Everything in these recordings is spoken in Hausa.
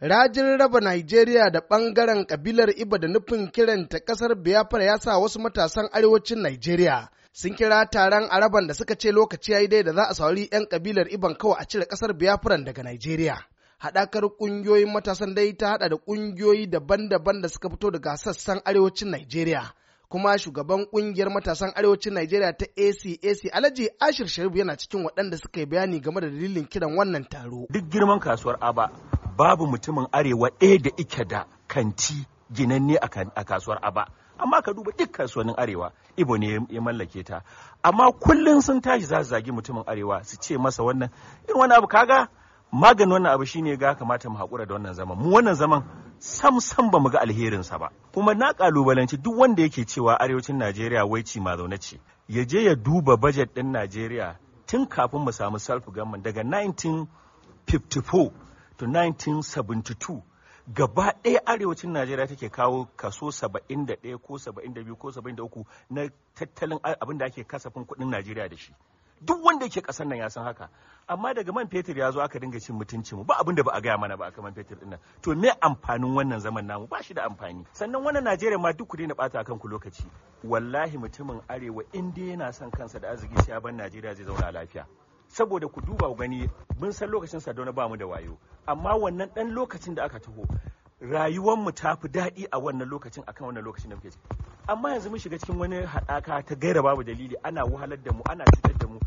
Rajin raba Najeriya da ɓangaren ƙabilar Iba da nufin kiranta ƙasar Biafra ya sa wasu matasan arewacin Najeriya sun kira taron araban da suka ce lokaci ya yi dai da za a sauri 'yan ƙabilar Iban kawai a cire ƙasar Biafra daga Najeriya. Haɗakar ƙungiyoyin matasan dai ta haɗa da ƙungiyoyi daban-daban da suka fito daga sassan arewacin Najeriya. kuma shugaban ƙungiyar matasan arewacin Najeriya ta ACAC Alhaji Ashir Sharif yana cikin waɗanda suka yi bayani game da dalilin kiran wannan taro. Duk girman kasuwar Aba babu mutumin arewa ɗaya da ike da kanti ginanne a kasuwar aba amma ka duba duk kasuwannin arewa ibo ne ya mallake ta amma kullum sun tashi za su zagi mutumin arewa su ce masa wannan In wani abu kaga maganin wannan abu shine ga kamata mu haƙura da wannan zaman mu wannan zaman sam sam ba mu ga alherinsa ba kuma na kalubalanci duk wanda yake cewa arewacin najeriya wai ci ma zaune ce ya je ya duba bajet ɗin najeriya tun kafin mu samu self government daga 1954 to 1972 gaba ɗaya arewacin najeriya take kawo kaso 71 ko 72 ko 73 na tattalin abin da ake kasafin kuɗin najeriya da shi duk wanda yake kasar nan ya san haka amma daga man fetur ya zo aka dinga cin mutunci mu ba abin da ba a gaya mana ba aka man fetur dinnan to me amfanin wannan zaman namu ba shi da amfani sannan wannan najeriya ma duk ku daina bata akan ku lokaci wallahi mutumin arewa in dai yana son kansa da arziki sai ya bar najeriya zai zauna lafiya saboda ku duba gani mun san lokacin Sardauna ba mu da wayo amma wannan dan lokacin da aka taho rayuwar mu ta fi daɗi a wannan lokacin akan wannan lokacin da muke ciki amma yanzu mun shiga cikin wani haɗaka ta gaira babu dalili ana wahalar da mu ana cutar da mu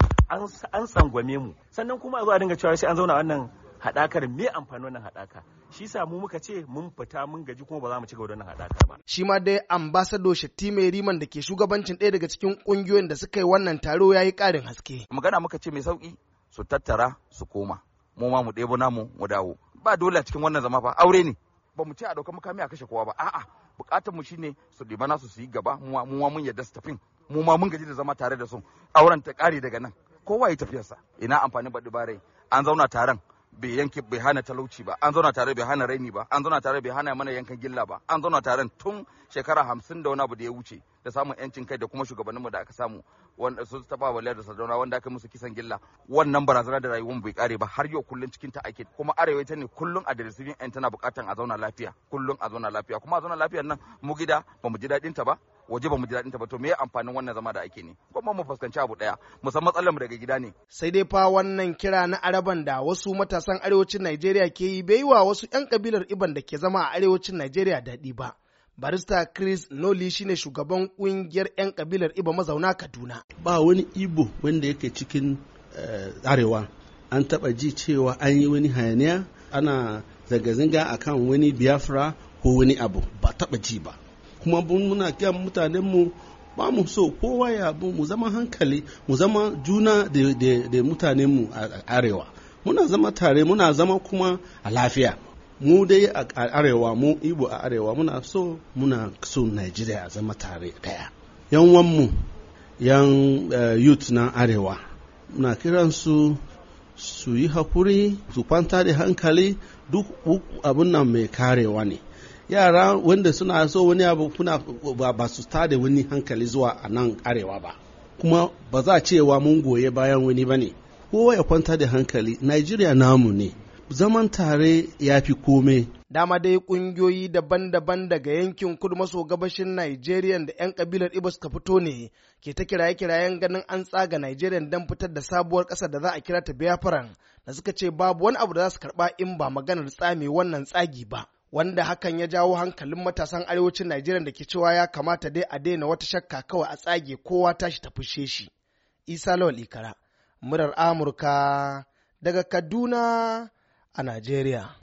an tsangwame mu sannan kuma a zo a dinga cewa sai an zauna wannan haɗakar me amfani wannan haɗaka shi mu muka ce mun fita mun gaji kuma ba za mu ci gaba da wannan haɗaka ba shi ma dai ambassador mai Riman da ke shugabancin ɗaya daga cikin ƙungiyoyin da suka yi wannan taro ya yi ƙarin haske magana muka ce mai sauki su tattara su koma mu ma mu ɗebo namu mu dawo ba dole a cikin wannan zama fa aure ne ba mu ce a ɗauka mukami a kashe kowa ba a'a bukatar mu shine su ɗiba nasu su yi gaba mu ma mun yadda su tafin mu ma mun gaji da zama tare da su auren ta ƙare daga nan kowa ya tafiyarsa ina amfani ba bare an zauna taron bai yanke bai hana talauci ba an zauna tare bai hana raini ba an zauna tare bai hana mana yankan gilla ba an zauna tare tun shekara hamsin da wani abu da ya wuce da samun yancin kai da kuma shugabanninmu da aka samu wanda sun taba waliyar da sardauna wanda aka musu kisan gilla wannan barazana da rayuwar bai kare ba har yau kullun cikin ta ake kuma arewa ta ne kullun a dirisivin yan tana bukatan a zauna lafiya kullun a zauna lafiya kuma a zauna lafiyar nan mu gida ba mu ji daɗin ta ba waje ba mu ji daɗin ta ba to me amfanin wannan zama da ake ne kuma mu fuskanci abu ɗaya mu san matsalar mu daga gida ne sai dai fa wannan kira na araban da wasu matasan arewacin Najeriya ke yi bai wa wasu 'yan kabilar Iban da ke zama a arewacin Najeriya daɗi ba barista chris noli shine shugaban kungiyar 'yan kabilar Iba mazauna kaduna ba wani ibo wanda yake cikin eh, arewa an taba ji cewa an yi wani hayaniya ana zanga-zanga akan wani biafra ko wani abu ba taba ji ba kuma muna kiyan mutanenmu ba mu so kowa ya mu zama hankali mu zama juna da mu a arewa muna zama tare muna zama kuma a lafiya mu dai a arewa mu ibo a arewa muna so muna so najeriya a zama tare daya yan wanmu yan eh, youth na arewa muna su su yi hakuri su kwanta da hankali duk abin nan mai karewa ne yara wanda suna so wani abu kuna ba su tada wani hankali zuwa a nan arewa ba kuma ba za cewa mun goye bayan wani ba ne kowa ya kwanta da hankali nigeria namu ne zaman tare ya fi kome dama dai kungiyoyi daban-daban daga yankin kudu maso gabashin nigeria da 'yan kabilar ibo suka fito ne ke ta kiraye-kirayen ganin an tsaga nigeria don fitar da sabuwar ƙasa da za a kira ta biafran da suka ce babu wani abu da za su karba in ba maganar tsame wannan tsagi ba wanda hakan ya jawo hankalin matasan arewacin Najeriya da ke cewa ya kamata dai a daina wata shakka kawai a tsage kowa tashi ta fushe shi. Isa Lawal Ikara, murar Amurka daga Kaduna a Najeriya.